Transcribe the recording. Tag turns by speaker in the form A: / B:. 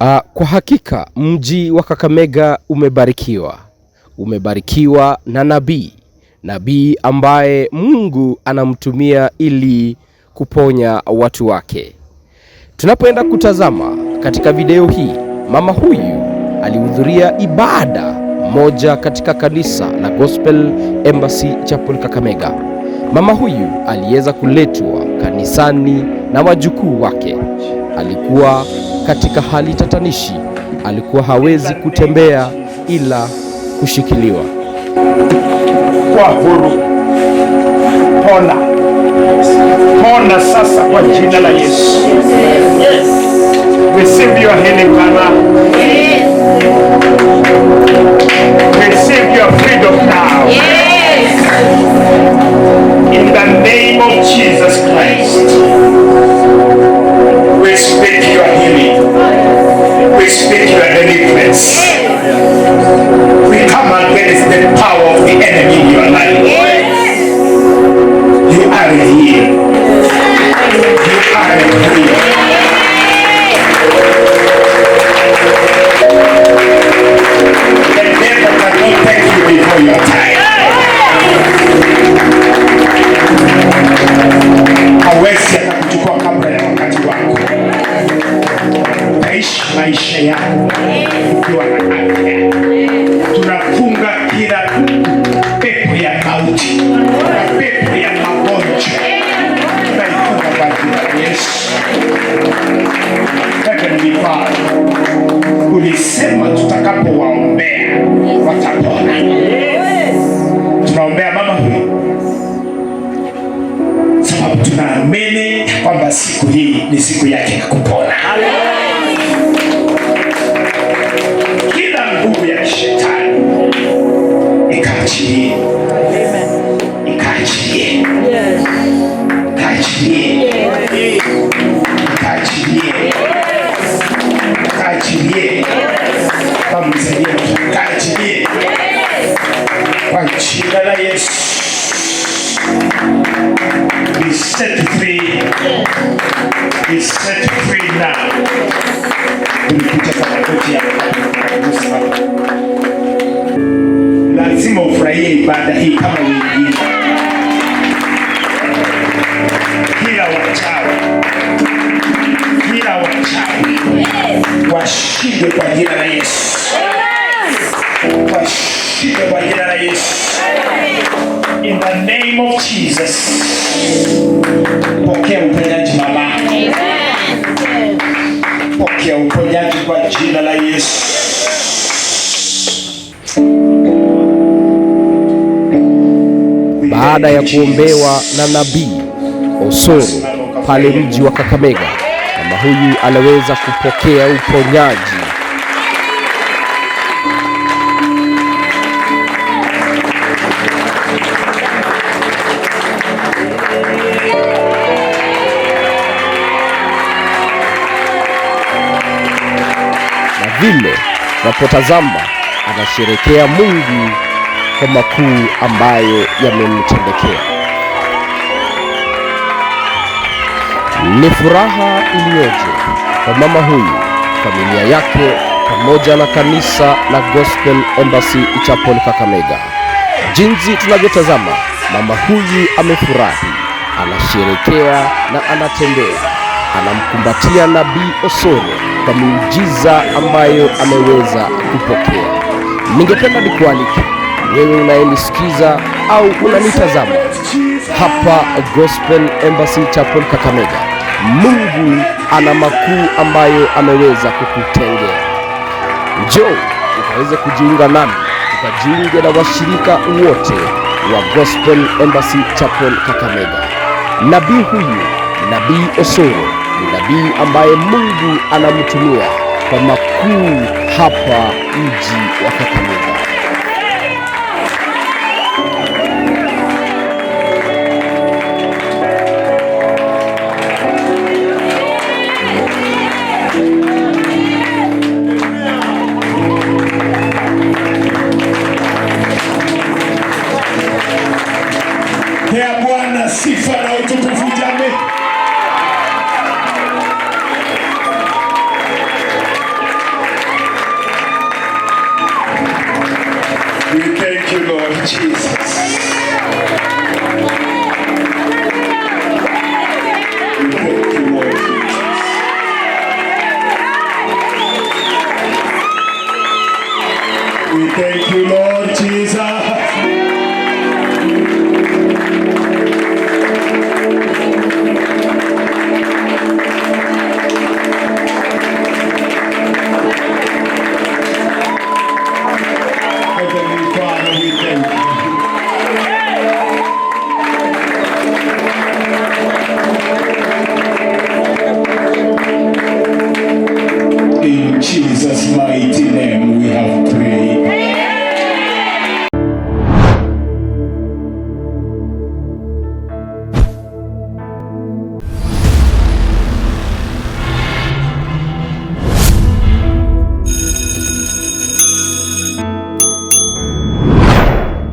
A: Uh, kwa hakika mji wa Kakamega umebarikiwa. Umebarikiwa na nabii, nabii ambaye Mungu anamtumia ili kuponya watu wake. Tunapoenda kutazama katika video hii, mama huyu alihudhuria ibada moja katika kanisa la Gospel Embassy Chapel Kakamega. Mama huyu aliweza kuletwa kanisani na wajukuu wake. Alikuwa katika hali tatanishi. Alikuwa hawezi kutembea ila kushikiliwa.
B: kwa huru. pona, pona sasa kwa jina la Yesu. Yes. Receive your healing Yes. Receive your freedom now. Yes. In the name of Jesus. You are here. You are here. The devil cannot take you before your time. Hawezi akakuchukua kabla ya wakati wako. Taishi maisha yako ukiwa na afya. Tunafunga kila tunaamini kwamba siku hii ni siku yake ya kupona. Kila nguvu ya shetani ikaachilie, ikaachilie, ikaachilie, ikaachilie, ikaachilie, ikaachilie, ikaachilie set free is set free now. Ulikuta Sabato ya lazima ufurahie ibada name of Jesus. Pokea uponyaji mama. Pokea uponyaji kwa jina la Yesu.
A: Baada ya kuombewa na nabii Osoro pale mji wa Kakamega, mama huyu aliweza kupokea uponyaji. vile napotazama anasherekea Mungu kwa makuu ambayo yamemtendekea. Ni furaha iliyoje kwa mama huyu, familia yake, pamoja na kanisa la Gospel Embassy Chapel Kakamega. Jinsi tunavyotazama mama huyu amefurahi, anasherekea na anatembea anamkumbatia Nabii Osoro kwa miujiza ambayo ameweza kupokea. Ningependa nikualike wewe unayenisikiza au unanitazama hapa Gospel Embassy Chapel Kakamega, Mungu ana makuu ambayo ameweza kukutengea. Njoo ukaweze kujiunga nami, ukajiunge na washirika wote wa Gospel Embassy Chapel Kakamega. Nabii huyu Nabii Osoro ni nabii ambaye Mungu anamtumia kwa makuu hapa mji wa Kakamega.
B: Jesus.